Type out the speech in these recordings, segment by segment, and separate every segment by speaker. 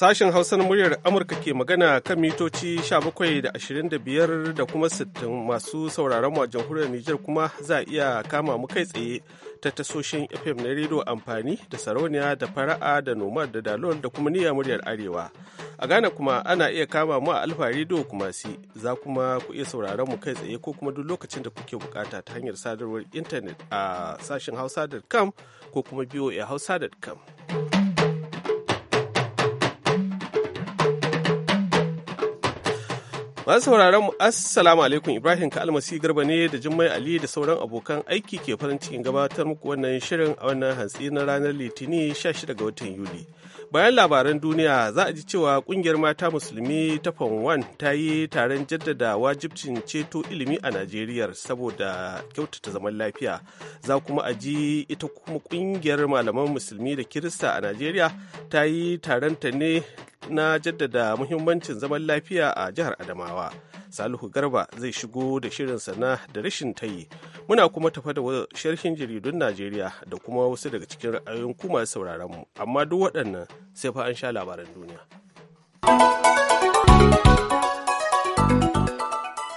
Speaker 1: Sashen Hausa na muryar Amurka ke magana kan mitoci 17 da 25 da kuma 60 masu sauraron mu a jamhuriyar Nijar kuma za a iya kama mu kai tsaye ta tasoshin FM na rediyo amfani da sarauniya da fara'a da nomad da dalol da kuma niyya muryar Arewa. A Ghana kuma ana iya kama mu a Alfa rediyo kuma si za kuma ku iya sauraron mu kai tsaye ko kuma duk lokacin da kuke bukata ta hanyar sadarwar intanet a sashen hausa.com ko kuma biyo hausa hausa.com. Masu sauraron mu assalamu alaikum Ibrahim ka almasi garba ne da Jummai Ali da sauran abokan aiki ke farin cikin gabatar muku wannan shirin a wannan hantsi na ranar Litinin 16 ga watan Yuli. bayan labaran duniya za a ji cewa kungiyar mata musulmi ta fanwan ta yi taron jaddada wajibcin ceto ilimi a najeriya saboda kyautata zaman lafiya za kuma a ji ita kuma kungiyar malaman musulmi da kirista a najeriya ta yi taronta ne na jaddada muhimmancin zaman lafiya a jihar adamawa Salihu Garba zai shigo da shirin sana da rashin tayi. Muna kuma tafa da sharhin jaridun Najeriya da kuma wasu daga cikin ra'ayoyin kuma masu sauraron mu. Amma duk waɗannan sai fa an sha labaran duniya.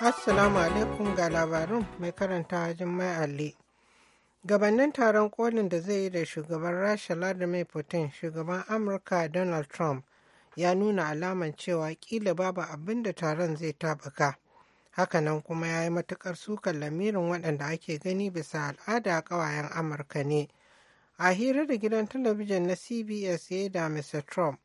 Speaker 2: Assalamu alaikum ga labarin mai karanta mai Ali. gabanin taron kolin da zai yi da shugaban rasha vladimir putin shugaban amurka donald trump ya nuna alaman cewa kila babu abin da taron zai Haka nan kuma ya yi matukar sukan lamirin waɗanda ake gani bisa al'ada a ƙawayen amurka ne a hira da gidan talabijin na cbs ya da mr trump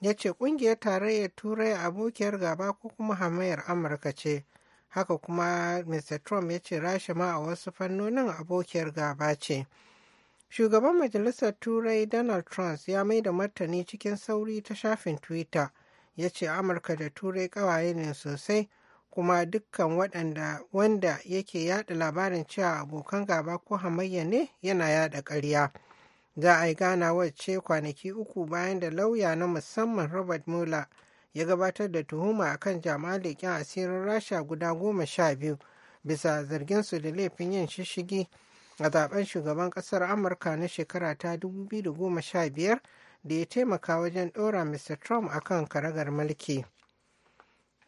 Speaker 2: ya ce ƙungiyar tarayyar turai abokiyar gaba ko kuma hamayar amurka ce haka kuma mr trump ya ce rasha ma a wasu fannonin abokiyar gaba ce Shugaban Majalisar Turai Donald Trump ya mai da martani cikin sauri ta shafin Twitter ya ce Amurka da Turai ƙawaye ne sosai kuma dukkan waɗanda wanda yake yada labarin cewa abokan gaba ko hamayya ne yana yada ƙarya. Za a yi ganawar ce kwanaki uku bayan da lauya na musamman Robert Mueller ya gabatar da tuhuma kan jama'a asirin Rasha guda goma sha biyu bisa zargin da laifin yin shishigi a zaben shugaban kasar amurka na shekara ta 2015 da ya taimaka wajen ɗora mr trump akan karagar mulki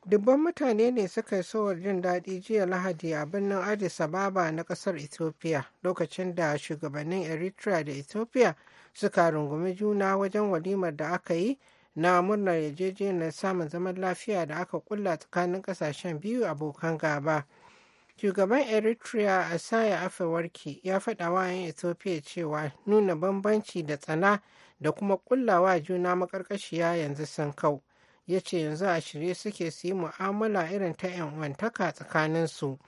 Speaker 2: dubban mutane ne suka yi sowar jin daɗi jiya lahadi a birnin addis ababa na ƙasar ethiopia lokacin da shugabannin eritrea da ethiopia suka rungumi juna wajen walimar da aka yi na murnar yarjejeniyar samun zaman lafiya da aka kulla tsakanin ƙasashen biyu abokan gaba. Shugaban Eritrea Asaya Afewarki ya faɗa wa 'yan Ethiopia cewa nuna bambanci da tsana da kuma kullawa juna makarkashiya yanzu sun kau. Ya ce yanzu a shirye suke su yi mu'amala irin ta 'yan uwantaka tsakaninsu.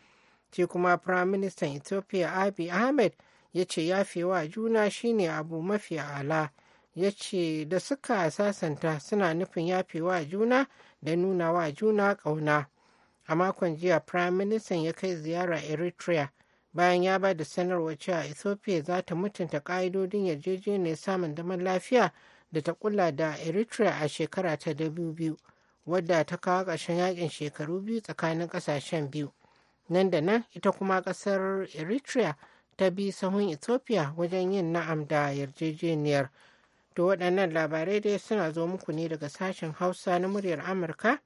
Speaker 2: Ce kuma Firaministan Ethiopia Abiy Ahmed ya ce yafewa juna shine abu mafi ala. ya ce da suka sasanta suna nufin yafewa juna da nuna wa juna ƙauna a makon jiya prime minister ya kai ziyara eritrea bayan ya ba da sanarwa cewa ethiopia za ta mutunta ƙa'idodin yarjejeniyar samun zaman lafiya da ta kula da eritrea a shekara ta biyu, wadda ta kawo ƙarshen yakin shekaru biyu tsakanin ƙasashen biyu nan da nan ita kuma ƙasar eritrea ta bi sahun ethiopia wajen yin na'am da yarjejeniyar to waɗannan labarai dai suna zo muku ne daga sashen hausa na muryar amurka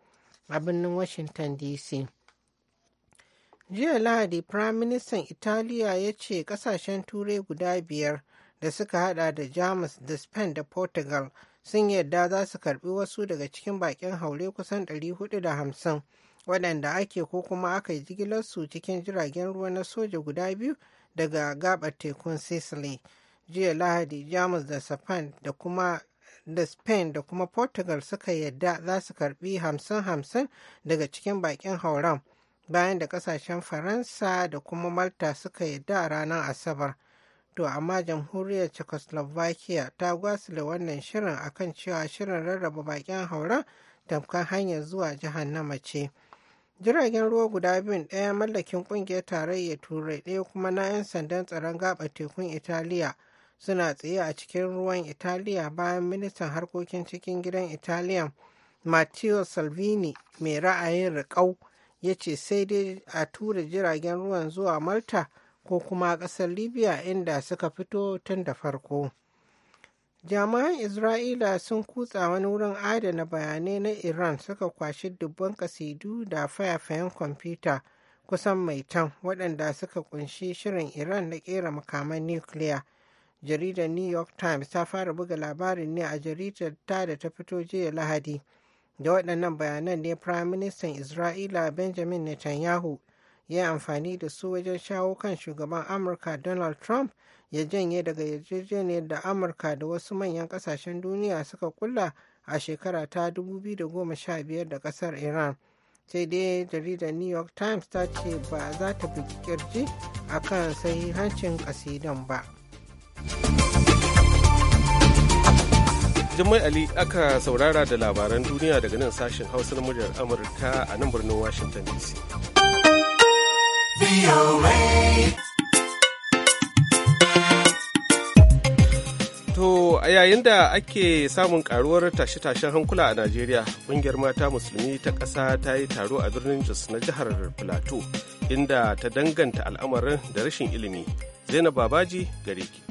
Speaker 2: a birnin washington dc jiya lahadi firaministan italiya ya ce kasashen turai guda biyar da suka hada da jamus da spain da portugal sun yadda za su karbi wasu daga cikin bakin haure kusan 450 waɗanda ake ko kuma aka yi jigilarsu cikin jiragen ruwa na soja guda biyu daga gabar tekun sicily jiya lahadi jamus da spain da kuma da Spain da kuma Portugal suka yadda za su karbi hamsin-hamsin daga cikin bakin hauren bayan da kasashen Faransa da kuma Malta suka yadda a ranar Asabar. To amma jamhuriyar Czechoslovakia ta da wannan shirin akan cewa shirin rarraba bakin hauren tamkar hanyar zuwa jihannama ce. Jiragen ruwa guda biyun ɗaya mallakin ƙungiyar tarayyar Turai ɗaya kuma na 'yan sandan tsaron gaba tekun Italiya. suna tsaye a cikin ruwan italiya bayan ministan harkokin cikin gidan italiya matteo salvini mai ra'ayin riƙau ya ce sai dai a tura jiragen ruwan zuwa malta ko kuma ƙasar libya inda suka fito tun da farko jami'an isra'ila sun kutsa wani wurin adana bayanai na iran suka kwashi dubban kasidu da fayafayen kwamfuta kusan mai tan waɗanda suka kunshi shirin iran na ƙera makaman nukiliya jaridar new york times ta fara buga labarin ne a jaridar ta da ta fito jiya lahadi da waɗannan bayanan ne prime minister isra'ila benjamin netanyahu ya yi amfani da su wajen shawo kan shugaban amurka donald trump ya janye daga yarjejeniyar da amurka da wasu manyan ƙasashen duniya suka kula a shekara ta 2015 da ƙasar iran sai dai jaridar new york times ta ce ba za ta bugi kirji a kan sahihancin kasidan ba.
Speaker 1: Jummai Ali aka saurara da labaran duniya daga nan sashen Hausa na muryar Amurka a nan birnin Washington DC. To a yayin da ake samun karuwar tashe-tashen hankula a Najeriya, ƙungiyar mata musulmi ta ƙasa ta yi taro a birnin Jos na jihar Plateau, inda ta danganta al'amarin da rashin ilimi. Zainab Babaji gare ki.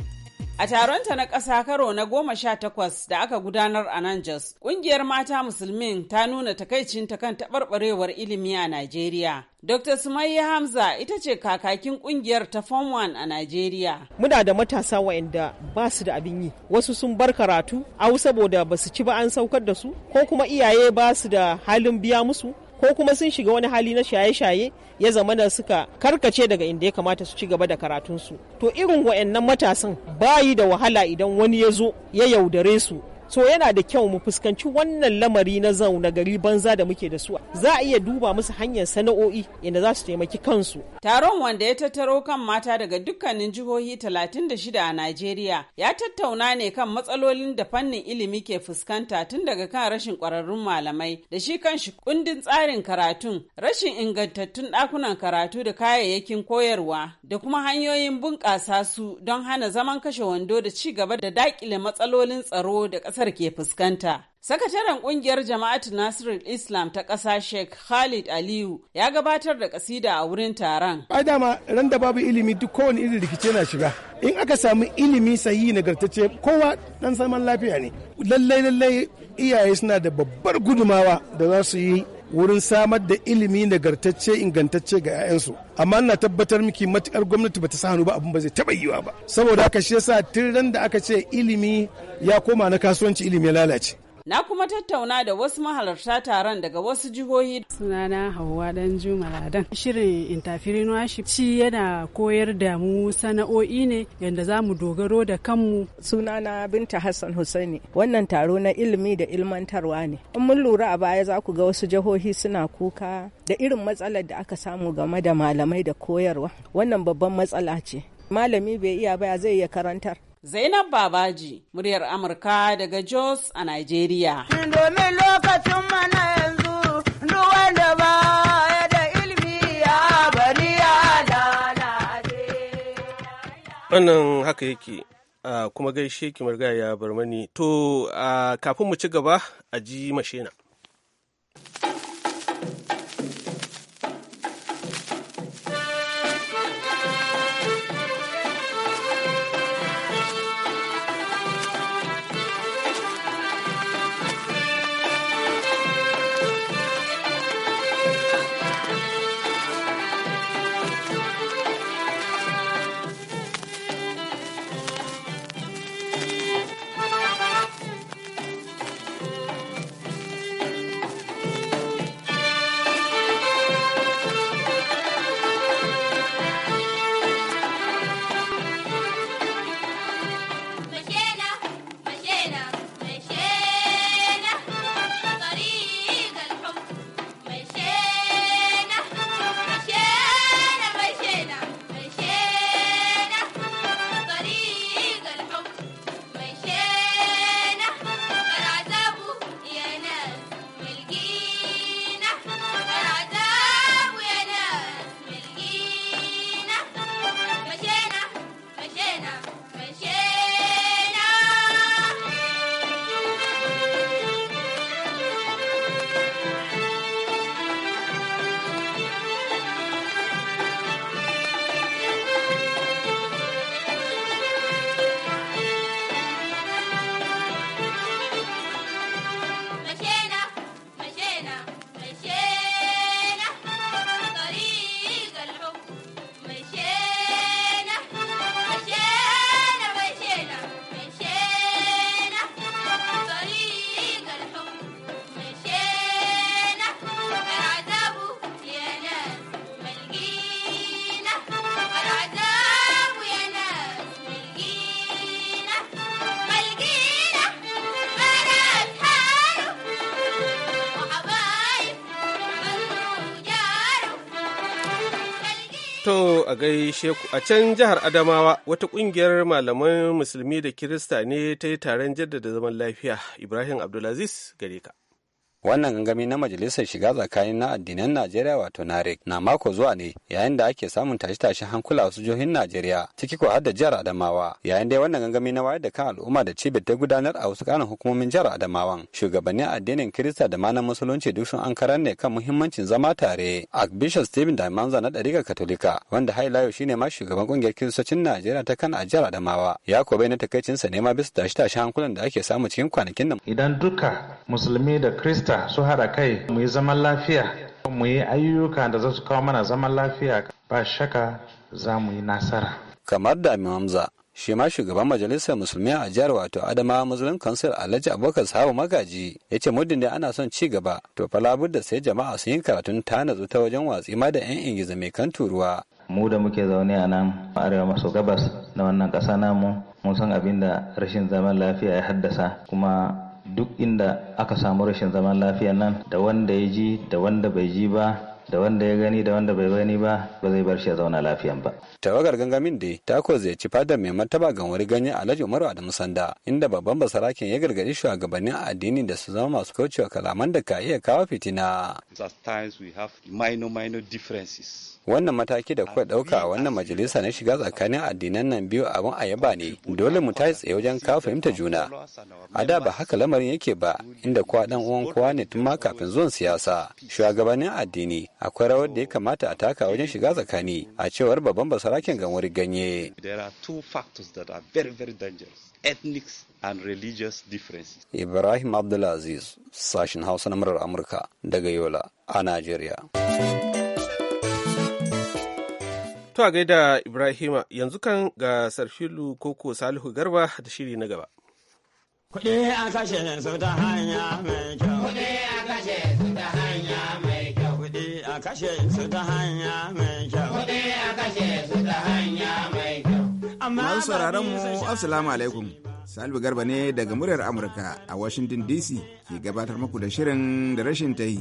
Speaker 3: A taronta na ƙasa karo na goma sha takwas da aka gudanar a nan Jos, ƙungiyar mata musulmin ta nuna takaicinta kan taɓarɓarewar ilimi a Najeriya. Dr. Sumayya Hamza ita ce kakakin ƙungiyar ta Form 1 a Najeriya. Muna da matasa waɗanda ba su da abin yi, wasu sun bar karatu, au saboda ba su ci ba an saukar da su, ko kuma iyaye ba su da halin biya musu, ko kuma sun shiga wani hali na shaye-shaye ya zama da suka karkace daga inda ya kamata su ci gaba da karatunsu to irin wa'annan matasan bayi da wahala idan wani ya zo ya yaudare su so yana da kyau mu fuskanci wannan lamari na zauna gari banza da muke da su za a iya duba musu hanyar sana'o'i inda za su taimaki kansu taron wanda ya tattaro kan mata daga dukkanin jihohi 36 a Najeriya ya tattauna ne kan matsalolin da fannin ilimi ke fuskanta tun daga kan rashin kwararrun malamai da shi kanshi kundin tsarin karatun rashin ingantattun dakunan karatu da kayayyakin koyarwa da kuma hanyoyin bunƙasa su don hana zaman kashe wando da ci gaba da daƙile matsalolin tsaro da kasar ke fuskanta. Sakataren kungiyar jama'atu Nasirul Islam ta ƙasa Sheikh Khalid Aliyu ya gabatar da kasida a wurin taron.
Speaker 4: Ai dama ran da babu ilimi duk kowane irin rikice na shiga. In aka samu ilimi sahihi nagartacce kowa dan saman lafiya ne. Lallai lallai iyaye suna da babbar gudumawa da za su yi wurin samar da ilimi nagartacce ingantacce ga 'ya'yansu amma ina tabbatar miki matukar gwamnati bata sa hannu ba abin ba zai taba yiwa ba saboda haka shi yasa tun da aka ce ilimi ya koma na kasuwanci ilimi ya lalace
Speaker 3: Na kuma tattauna da wasu mahalarta taron daga wasu jihohi. Sunana Hauwa Dan Jumaladan. Shirin entrepreneurship shi yana koyar da mu sana'o'i ne yadda za mu dogaro da kanmu. Sunana Binta Hassan Hussaini. Wannan taro na ilimi da ilmantarwa ne. In mun lura a baya za ku ga wasu jihohi suna kuka da irin matsalar da aka samu game da malamai da koyarwa. Wannan babban matsala ce. Malami bai iya baya zai iya karantar. Zainab Babaji, muryar Amurka daga Jos a Najeriya. Domin lokacin mana yanzu, wanda ba
Speaker 1: wannan haka yake kuma gaishe ki bar mani to kafin mu ci gaba a ji mashina To a gaishe ku a can jihar Adamawa wata kungiyar malaman musulmi da Kirista ne ta yi taron jaddada zaman lafiya Ibrahim Abdulaziz gare
Speaker 5: ka. wannan gangami na majalisar shiga tsakanin na addinan najeriya wato narek na mako zuwa ne yayin da ake samun tashe-tashen hankula a wasu jihohin najeriya ciki ko har da jihar adamawa yayin dai wannan gangami na wayar da kan al'umma da cibiyar ta gudanar a wasu kanan hukumomin jihar adamawan shugabannin addinin kirista da manan musulunci duk sun ankarar ne kan muhimmancin zama tare archbishop stephen damanza na ɗariƙar katolika wanda hailayo shine ma shugaban kungiyar kiristocin najeriya ta kan a jihar adamawa ya ko bai na takaicinsa ne ma bisa tashe-tashen hankulan da ake samu cikin kwanakin nan idan duka musulmi da kirista ta su haɗa kai mu yi zaman lafiya mu yi ayyuka da za su kawo mana
Speaker 6: zaman lafiya ba shaka za mu yi nasara.
Speaker 5: Kamar da Hamza shi ma shugaban majalisar musulmi a jihar wato adama muslim council alhaji abubakar sahabu magaji ya ce muddin da ana son ci gaba to fa da sai jama'a sun yi karatun ta ta wajen watsi ma da yan ingiza mai kan turuwa
Speaker 1: mu da muke zaune a nan arewa maso gabas na wannan ƙasa namu mun san abin da rashin zaman lafiya ya haddasa kuma duk inda aka samu rashin zaman lafiya nan da wanda ya ji da wanda bai ji ba da wanda ya gani da wanda bai gani ba ba zai bar shi ya zauna lafiyan ba.
Speaker 5: Tawagar gangamin dai ta ko zai ci fadar mai martaba ga wani ganye Alhaji Umaru Adamu Sanda inda babban basarakin ya gargaɗi shugabannin addini da su zama masu kaucewa kalaman da ka iya kawo fitina. we have minor minor differences. wannan mataki da kuka ɗauka a wannan majalisa na shiga tsakanin addinan nan biyu abin a yaba ne dole mu tashi tsaye wajen kawo fahimta juna a da ba haka lamarin yake ba inda kowa dan uwan kowa ne tun ma kafin zuwan siyasa shugabannin addini akwai rawar da ya kamata a taka wajen shiga tsakani a cewar babban basaraken gamori ganye Ibrahim Abdulaziz, sashen Hausa na murar Amurka daga Yola a Najeriya.
Speaker 1: To a gaida Ibrahima yanzu kan ga Sarfilu Koko Salihu Garba da shiri na gaba. Kuɗi a kashe su ta hanya
Speaker 5: mai kyau. Kuɗi a kashe su ta hanya mai kyau. Kuɗi a kashe su ta hanya mai kyau. Kuɗi a kashe su ta hanya mai kyau. Masu sauraron mu,
Speaker 6: Assalamu alaikum. Salihu Garba ne daga muryar Amurka a Washington DC ke gabatar muku da shirin da rashin ta yi.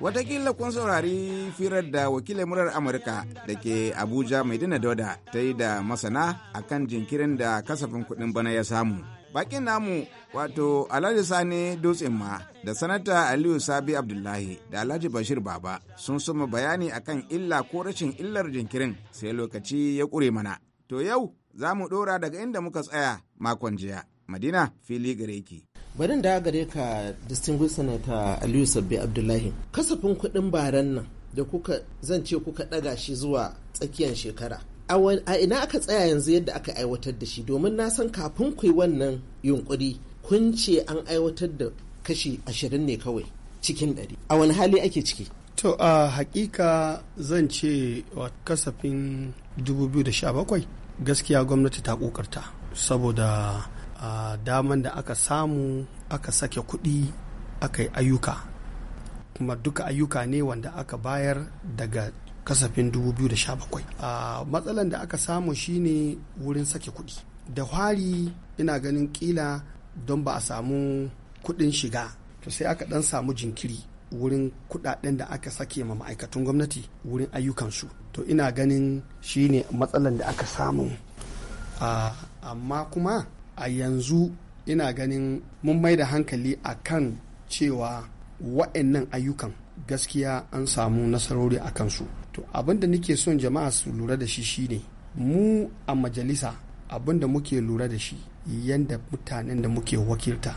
Speaker 6: Watakila kun saurari firar da wakilin murar Amurka da ke Abuja mai dina doda ta yi da masana a kan jinkirin da kasafin kuɗin bana ya samu. Bakin namu wato Alhaji Sani Dutsen ma da sanata Aliyu Sabi Abdullahi da Alhaji Bashir Baba sun suma bayani akan illa ko rashin illar jinkirin sai lokaci ya kure mana. To yau za mu ɗora daga inda muka tsaya makon jiya. Madina fili gare ki. barin da gare ka distinguished
Speaker 3: senator aliyu sabbi abdullahi kasafin kuɗin baran nan da kuka zan ce kuka
Speaker 6: ɗaga shi zuwa tsakiyar
Speaker 4: shekara a ina aka tsaya yanzu yadda aka aiwatar da shi domin na san kafin ku yi wannan yunkuri kun ce an aiwatar da kashi
Speaker 3: ashirin ne kawai cikin ɗari
Speaker 4: a wani hali ake ciki to a hakika zan ce wa kasafin 2017 gaskiya gwamnati ta kokarta saboda a daman da aka samu aka sake kuɗi aka yi ayyuka kuma duka ayyuka ne wanda aka bayar daga kasafin 2017 a matsalan da aka samu shine wurin sake kuɗi da hwari ina ganin kila don ba a samu kuɗin shiga to sai aka ɗan samu jinkiri wurin kuɗaɗen da aka sake ma ma'aikatan gwamnati wurin ayyukansu to ina ganin shine matsalan da aka samu amma kuma a yanzu ina ganin mun mai da hankali a kan cewa wa'annan ayyukan gaskiya an samu nasarori a kansu to abinda nake son jama'a su lura da shi shine mu a majalisa abinda muke lura da shi yadda mutanen da muke wakilta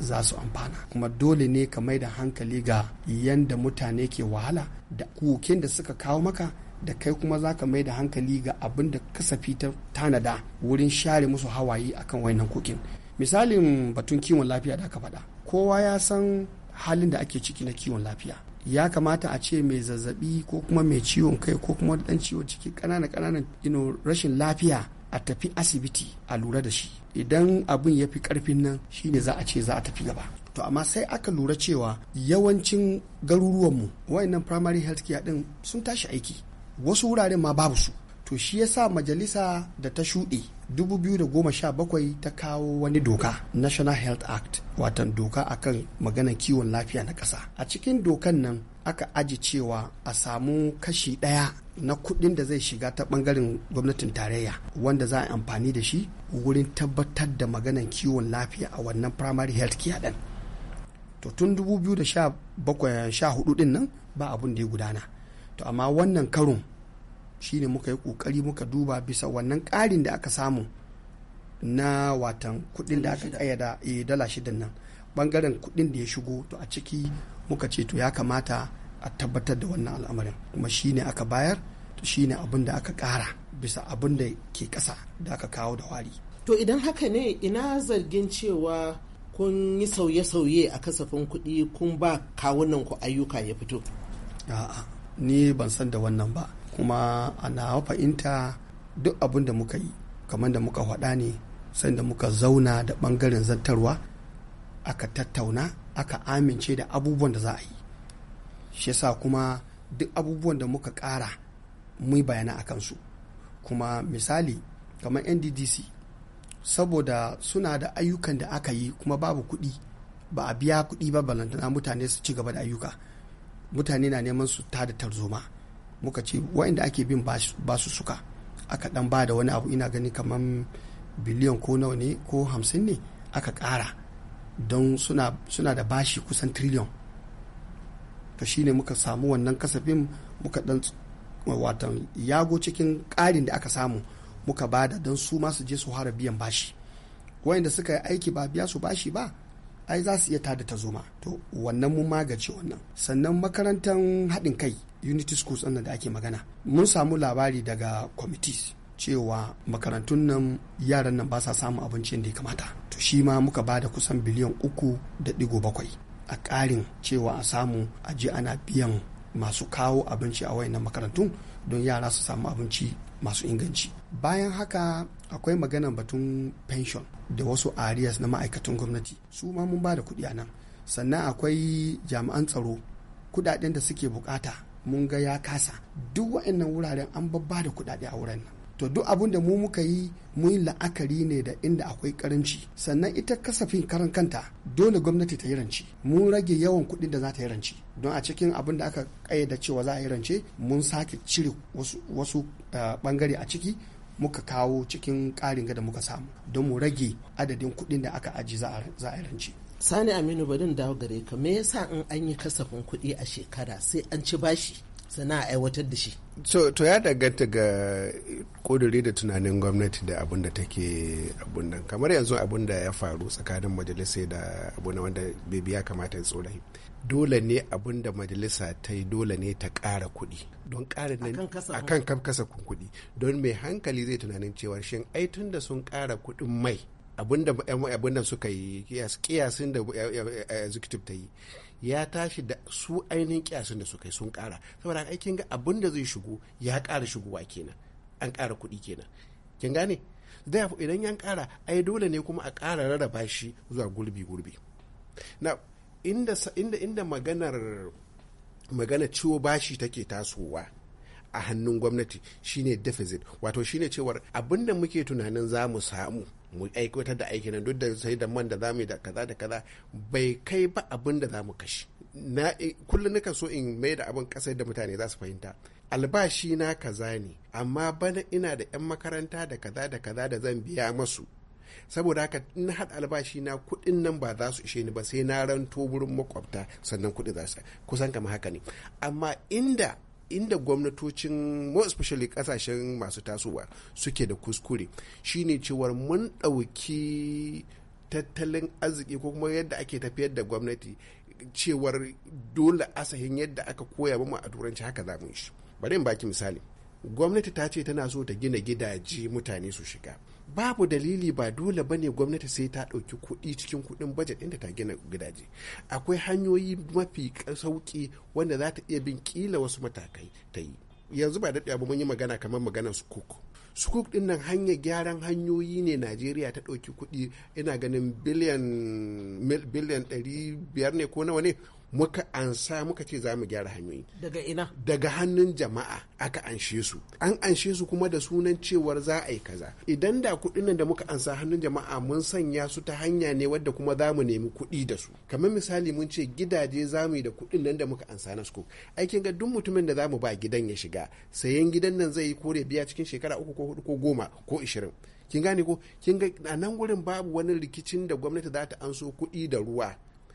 Speaker 4: za su amfana kuma dole ne ka mai da hankali ga yadda mutane ke wahala da kukin da suka kawo maka da kai kuma za ka mai da hankali ga abin da kasafi ta tanada wurin share musu hawaye akan wayannan kokin misalin batun kiwon lafiya da aka faɗa kowa ya san halin da ake ciki na kiwon lafiya ya kamata a ce mai zazzabi ko kuma mai ciwon kai ko kuma dan ciwon ciki ƙanana ƙananan ino rashin lafiya a tafi asibiti a lura da shi idan abin ya fi ƙarfin nan shine za a ce za a tafi gaba to amma sai aka lura cewa yawancin garuruwanmu wayannan primary health care din sun tashi aiki wasu wuraren ma babu su to shi yasa majalisa da ta shuɗe 2017 ta kawo wani doka national health act watan doka a kan maganan kiwon lafiya na ƙasa a cikin dokan nan aka aji cewa a samu kashi ɗaya na kuɗin da zai shiga ta ɓangaren gwamnatin tarayya wanda za a amfani da shi wurin tabbatar da maganan kiwon lafiya a wannan primary health care ɗin to tun 2017 din nan ba abun da ya gudana to amma wannan karon ne muka yi kokari muka duba bisa wannan karin da aka samu na watan kudin da aka e dala shida eh, nan bangaren kudin da ya shigo to a ciki muka ce to ya kamata a tabbatar da wannan al'amarin kuma shi ne aka bayar to shi ne abin da aka ƙara bisa abin da ke ƙasa da aka kawo da wari to idan haka ne ina zargin cewa kun yi sauye-sauye a kasafin kuɗi kun ba kawunan ku ayyuka ya fito a'a ni ban san da wannan ba kuma ana fahimta duk abin da muka yi kamar da muka faɗa ne sanda muka zauna da ɓangaren zantarwa aka tattauna aka amince da abubuwan da za a yi shi sa kuma duk abubuwan da muka ƙara mu bayana a kansu kuma misali kamar nddc saboda suna da ayyukan da aka yi kuma babu kuɗi ba a biya kuɗi ba balantana mutane su ci gaba da ayyuka mutane na neman su ta da tarzoma muka ce wa'inda ake bin ba su suka aka dan ba da wani abu ina gani kamar biliyan ko nawa ne ko hamsin ne aka ƙara don suna, da bashi kusan triliyon shi shine muka samu wannan kasafin muka dan watan yago cikin ƙarin da aka samu muka bada don su masu je su hara biyan bashi wayanda suka yi aiki ba biya su bashi ba ai za su iya tada ta zoma to wannan mun magance wannan sannan makarantar haɗin kai unity schools ɗin da ake magana mun samu labari daga committees cewa makarantun nan yaran nan ba sa samun abincin da ya kamata to shi ma muka ba da kusan biliyan uku da ɗigo bakwai a ƙarin cewa a samu a je ana biyan masu kawo abinci a wayannan makarantun don yara su samu abinci masu inganci bayan haka akwai maganan batun pension da wasu arias na ma'aikatan gwamnati su ma mun ba da kuɗi a nan sannan akwai jami'an tsaro kuɗaɗen da suke bukata mun ga ya kasa duk wa'annan wuraren an babba da kuɗaɗe a wurin nan to duk abin da mu muka yi mu la'akari ne da inda akwai karanci sannan ita kasafin karan kanta dole gwamnati ta yi rance mu rage yawan kuɗin da za ta yi rance don a cikin abin da aka da cewa za a yi rance mun sake cire wasu, wasu bangare eh, a ciki muka kawo cikin ƙarin da muka samu don mu rage adadin kuɗin da aka aji za a yi rance sani aminu bari dawo gare ka me yasa in an yi kasafin kuɗi a shekara sai an ci bashi sana aiwatar da shi
Speaker 7: so to ya danganta ga kuduri da tunanin gwamnati da abin da take abun nan kamar yanzu abun da ya faru tsakanin majalisa da abu na wanda bebi ya kamata ya tsorai dole ne abun da majalisa ta yi dole ne ta ƙara kuɗi don ƙara nan kan kasa kuɗi don mai hankali zai tunanin cewa shin ai tun da sun ƙara kuɗin mai abinda abinda suka yi kiyasin da executive ta yi ya tashi da su ainihin kiyasin da suka yi sun kara saboda aikin ga abinda zai shigo ya kara shigowa kenan an kara kuɗi kenan kin gane da idan yan kara ai dole ne kuma a kara rarraba shi zuwa gurbi gurbi na inda inda inda maganar magana ciwo bashi take tasowa a hannun gwamnati shine deficit wato shine cewar abinda muke tunanin za mu samu mu aikatar da aikin nan duk da sai da man da zamu yi da kaza da kaza bai kai ba abin da zamu kashi na eh, kullum nika so in mai da abin kasar da mutane za su fahimta albashi na kaza ne amma bana ina da 'yan makaranta da kaza da kaza da zan biya masu saboda haka in haɗa albashi na kuɗin nan ba za su ishe ni ba sai na ranto wurin makwabta sannan kuɗi za su kusan kama haka ne amma inda inda gwamnatocin more especially kasashen masu tasowa suke da kuskure shine cewar mun ɗauki tattalin arziki ko kuma yadda ake tafiyar da gwamnati cewar dole asahin yadda aka koya mu a turanci haka za mu yi shi bari in baki misali gwamnati ta ce tana so ta gina gidaje mutane su shiga babu dalili ba dole ba ne gwamnati sai ta ɗauki kuɗi cikin kuɗin bajet inda ta gina gidaje akwai hanyoyi mafi sauƙi wanda za ta iya bin ƙila wasu matakai ta yi yanzu ba daɗe abu mun yi magana kamar maganar sukuk sukuk ɗin nan hanyar gyaran hanyoyi ne najeriya ta ɗauki kuɗi ina ganin biliyan biliyan ɗari biyar ne ko nawa ne muka ansa muka ce za mu gyara hanyoyi daga ina daga hannun jama'a aka anshe su an anshe su kuma da sunan cewar za a yi kaza idan da kuɗin nan da muka ansa hannun jama'a mun sanya su ta hanya ne wadda kuma za mu nemi kuɗi da su kamar misali mun ce gidaje za mu yi da kuɗin nan da muka ansa na su aikin ga duk mutumin da za mu ba gidan ya shiga sayan gidan nan zai yi kore biya cikin shekara uku ko hudu ko goma ko ishirin kin gane ko kin ga a nan gurin babu wani rikicin da gwamnati za ta anso kuɗi da ruwa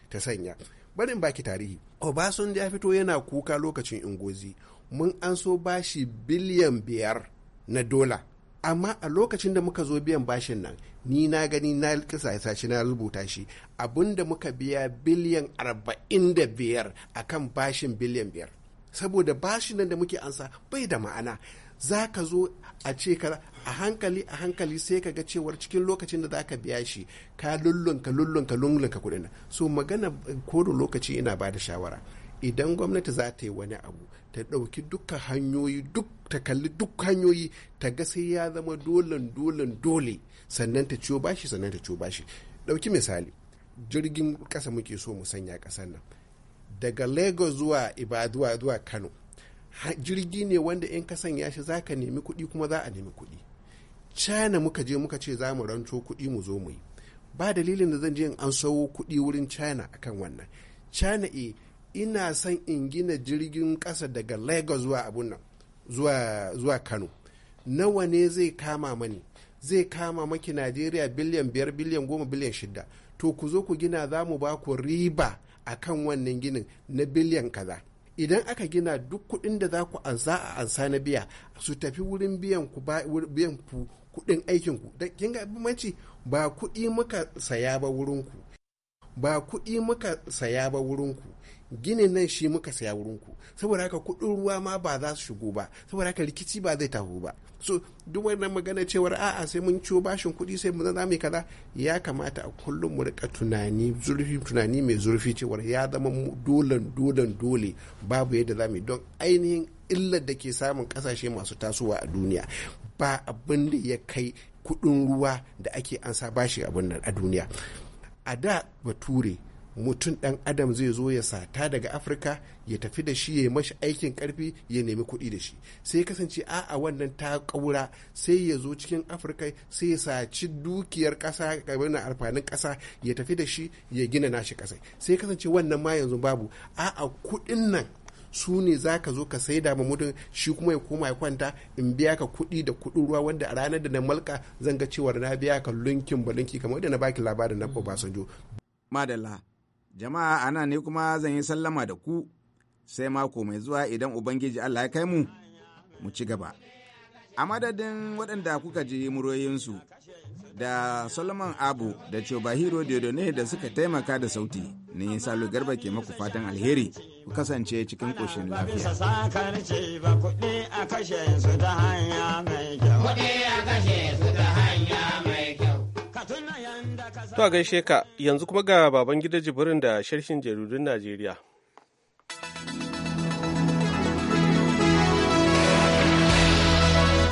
Speaker 7: ta sanya barin baki tarihi obasanjo ya fito yana kuka lokacin ingozi mun an so bashi biliyan biyar na dola amma a lokacin da muka zo biyan bashin nan ni na gani na kisa shi na rubuta shi abinda muka biya biliyan arba'in da biyar a kan bashin biliyan biyar saboda bashin nan da muke ansa bai da ma'ana za ka zo a ce ka a hankali a hankali sai ka ga cewar cikin lokacin da za ka biya shi ka lullunka lullunka lullunka kuɗin so magana kodin lokaci ina ba da shawara idan gwamnati za ta yi wani abu ta ɗauki duka hanyoyi duk ta kalli duk hanyoyi ta ga sai ya zama dolen dolen dole sannan ta ciyo bashi sannan ta ciyo bashi ɗauki misali jirgin ƙasa muke so mu sanya ƙasar nan daga lagos zuwa ibaduwa zuwa kano jirgi ne wanda in ka sanya shi za ka nemi kuɗi kuma za a nemi kuɗi china muka je muka ce za mu ranto kuɗi mu zo mu yi ba dalilin da zan je in an sawo kuɗi wurin china akan wannan china e ina son in gina jirgin ƙasa daga lagos zuwa abun nan zuwa, kano nawa ne zai kama mani zai kama maki najeriya biliyan biyar biliyan goma biliyan shida to ku zo ku gina za mu ba ku riba akan wannan ginin na biliyan kaza idan aka gina duk kuɗin da za ku ansa a ansa na biya su tafi wurin biyan ku kuɗin aikinku da kin ga bambanci ba kuɗi muka saya ba wurinku ba kuɗi muka saya ba ku ginin nan shi muka saya wurin ku saboda haka kuɗin ruwa ma ba za su shigo ba saboda haka rikici ba zai taho ba so duk wannan magana cewar a'a sai mun ciwo bashin kuɗi sai mu zama mai kaza ya kamata a kullum mu rika tunani zurfi tunani mai zurfi cewar ya zama dolan dolan dole babu yadda za mu don ainihin illar da ke samun kasashe masu tasowa a duniya ba abin da ya kai kudin ruwa da ake ansa bashi abin nan a duniya a da bature mutum dan adam zai zo ya sata daga afirka ya tafi da shi ya mashi aikin karfi ya nemi kuɗi da shi sai kasance a a wannan ta kaura sai ya zo cikin afirka sai ya saci dukiyar ƙasa na amfanin ƙasa ya tafi da shi ya gina nashi ƙasai sai kasance wannan ma yanzu babu a a kuɗin nan su ne za ka zo ka sai da mamudin shi kuma ya koma ya kwanta in biya ka kuɗi da kuɗin ruwa wanda a ranar da na malka zan ga cewar na biya ka lunkin balunki kamar yadda na baki labarin na Obasanjo.
Speaker 6: Madalla, jama'a ana ne kuma zan yi sallama da ku sai mako mai zuwa idan Ubangiji Allah ya kai mu mu ci gaba. A madadin waɗanda kuka ji muroyinsu da Solomon Abu da Chobahiro Diodone da suka taimaka da sauti, ni Salu Garba ke maku fatan alheri. ku kasance cikin ƙoshin lafiya.
Speaker 1: To a gaishe ka yanzu kuma ga baban gida jibirin da sharhin jaridun Najeriya.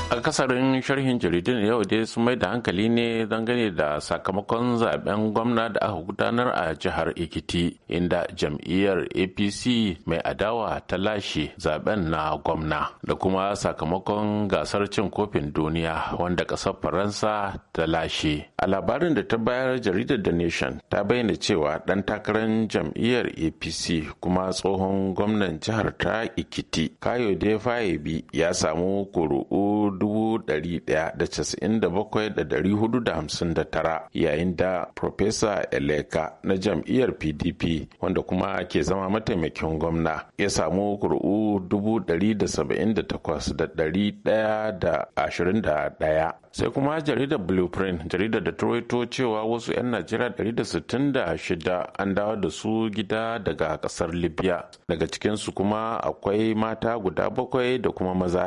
Speaker 8: A akasarin sharhin jaridun yau dai sun mai da hankali ne dangane da sakamakon zaben gwamna da aka gudanar a jihar ekiti inda jam'iyyar apc mai adawa ta lashe zaben na gwamna da kuma sakamakon gasar cin kofin duniya wanda kasar faransa ta lashe a labarin da ta bayar jaridar the nation ta bayyana cewa dan takarar jam'iyyar apc kuma tsohon gwamnan jihar ta ekiti Kayode Fayebi, ya samu kuru'u 1997,459 yayin da Profesa Eleka na jam'iyyar PDP wanda kuma ke zama mataimakin gwamna ya samu kuri'u 178,121 sai kuma jaridar blueprint jaridar da turaito cewa wasu 'yan najeriya 166 an dawo da su gida daga kasar libya daga cikinsu kuma akwai mata guda bakwai da kuma maza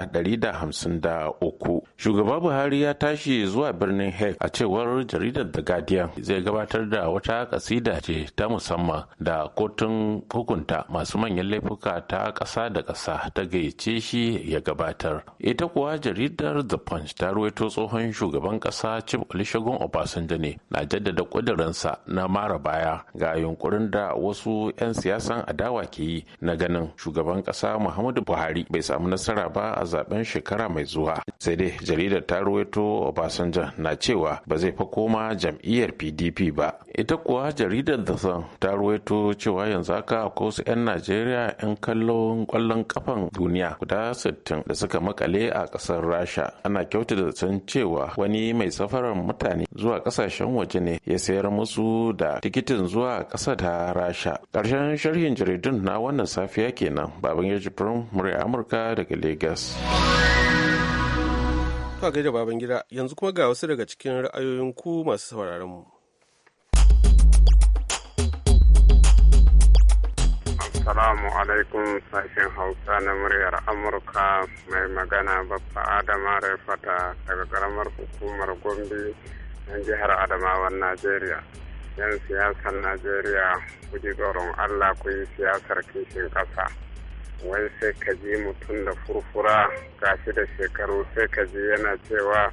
Speaker 8: uku shugaba buhari ya tashi zuwa birnin hague a cewar jaridar the guardian zai gabatar da wata kasida ce ta musamman da kotun hukunta masu manyan laifuka ta ƙasa da ƙasa ta gayyace shi ya gabatar ita kuwa jaridar the punch ta ruwaito tsohon shugaban ƙasa chief olusegun obasanjo ne na jaddada ƙudurinsa na mara baya ga yunkurin da wasu 'yan siyasan adawa ke yi na ganin shugaban ƙasa muhammadu buhari bai samu nasara ba a zaben shekara mai zuwa sai dai jaridar ta ruwaito obasanjo na cewa ba zai fa koma jam'iyyar pdp ba ita kuwa jaridar da san ta ruwaito cewa yanzu haka akwai wasu 'yan najeriya 'yan kallon kwallon kafan duniya guda sittin da suka makale a kasar rasha ana kyautata da san cewa wani mai safarar mutane zuwa kasashen waje ne ya sayar musu da tikitin zuwa ƙasa ta rasha ƙarshen sharhin jaridun na wannan safiya kenan baban Yaji jibrin murya amurka daga Legas.
Speaker 1: To da baban gida yanzu kuma ga wasu daga cikin ra'ayoyin ku masu
Speaker 8: sauraron mu. Assalamu alaikum sashen Hausa na muryar Amurka mai magana babba Adama Raifata daga karamar hukumar Gombe na jihar Adamawan Najeriya. Yan siyasar Najeriya, kuji tsoron Allah ku yi siyasar kishin ƙasa. wai sai ka ji mutum da furfura gashi da shekaru sai ka ji yana cewa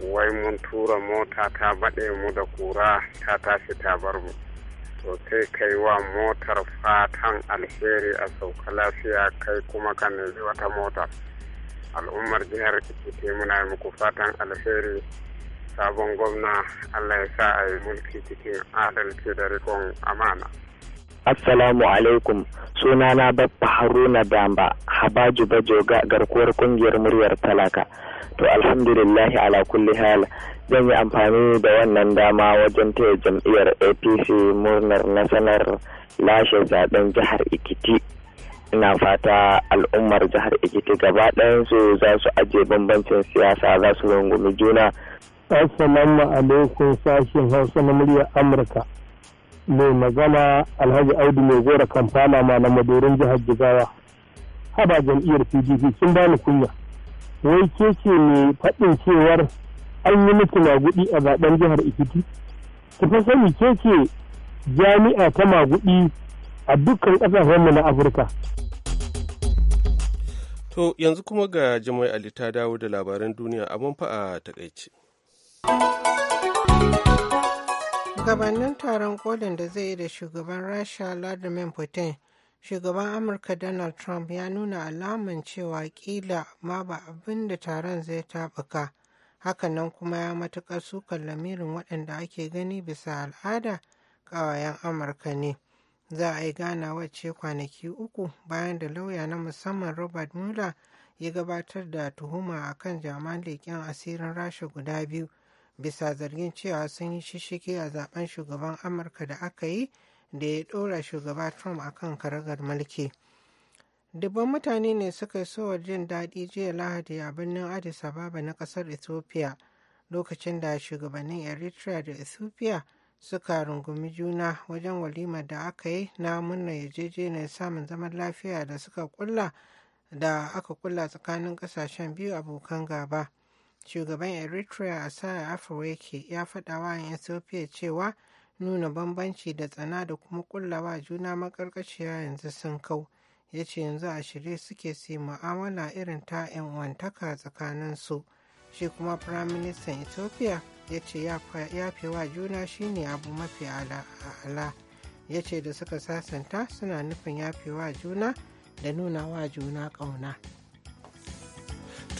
Speaker 8: wai mun tura mota ta baɗe mu da kura ta tashi ta bar mu to sai kai wa motar fatan alheri a sauka lafiya kai kuma ka nemi wata mota al'ummar jihar ikiti muna muku fatan alheri sabon gwamna allah ya sa a yi mulki cikin adalci da rikon amana Assalamu alaikum
Speaker 2: sunana babba Haruna Damba Habaju Bajoga garkuwar kungiyar muryar talaka. To alhamdulillahi ala kulli hal zan yi amfani da wannan dama wajen taya jam'iyyar APC murnar nasanar lashe zaben jihar Ikiti. Ina fata al'ummar jihar Ikiti gaba su za su ajiye bambancin siyasa za su rungumi juna.
Speaker 4: Assalamu alaikum sashen Hausa na muryar Amurka. mai magana alhaji audu mai gora kamfana ma na madorin jihar jigawa haba jam'iyyar pdp ba bani kunya wai ke ce mai faɗin cewar an yi miki magudi a zaben jihar ikiti ki fa sani ke jami'a ta magudi a dukkan ƙasashenmu na afirka
Speaker 1: to yanzu kuma ga jama'i ali ta dawo da labaran duniya abin fa a takaice
Speaker 3: gabanin
Speaker 2: taron kolin da zai yi da shugaban rasha vladimir putin shugaban amurka donald trump ya nuna alaman cewa kila ma ba abin da taron zai hakan nan kuma ya matukar sukan lamirin waɗanda ake gani bisa al'ada ƙawayen amurka ne za a yi ganawa wacce kwanaki uku bayan da lauya na musamman robert mueller ya gabatar da tuhuma akan jaman leƙen asirin rasha guda biyu bisa zargin cewa sun yi shishiki a zaben shugaban amurka da aka yi da ya ɗora shugaba trump akan karagar mulki dubban mutane ne suka yi sowar jin daɗi jiya lahadi a birnin addis ababa na ƙasar ethiopia lokacin da shugabannin eritrea da ethiopia suka rungumi juna wajen walimar da aka yi na murnar yarjejeniyar samun zaman lafiya da suka kulla da aka kulla tsakanin ƙasashen biyu abokan gaba shugaban eritrea asaya yake ya faɗa wa 'yan ethiopia cewa nuna bambanci da tsana da kuma kullawa juna makarkashiya yanzu sun kau ya ce yanzu a shirye suke su mu'amala irin ta 'yan wantaka su shi kuma firaministan ethiopia ya ce yafewa juna shine abu mafi ala ya ce da suka sasanta suna nufin yafewa juna da nuna wa juna ƙauna.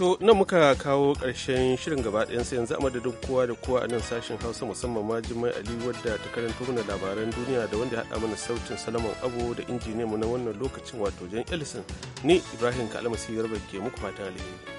Speaker 1: To nan muka kawo ƙarshen shirin gaba sai yanzu a madadin kowa da kowa a nan sashen Hausa musamman ma Jimai Ali wadda ta karanto mana labaran duniya da wanda haɗa mana sautin Salaman Abu da mu na wannan lokacin wato Jan Ellison ni Ibrahim Kalmasi Garba ke muku fatan alheri.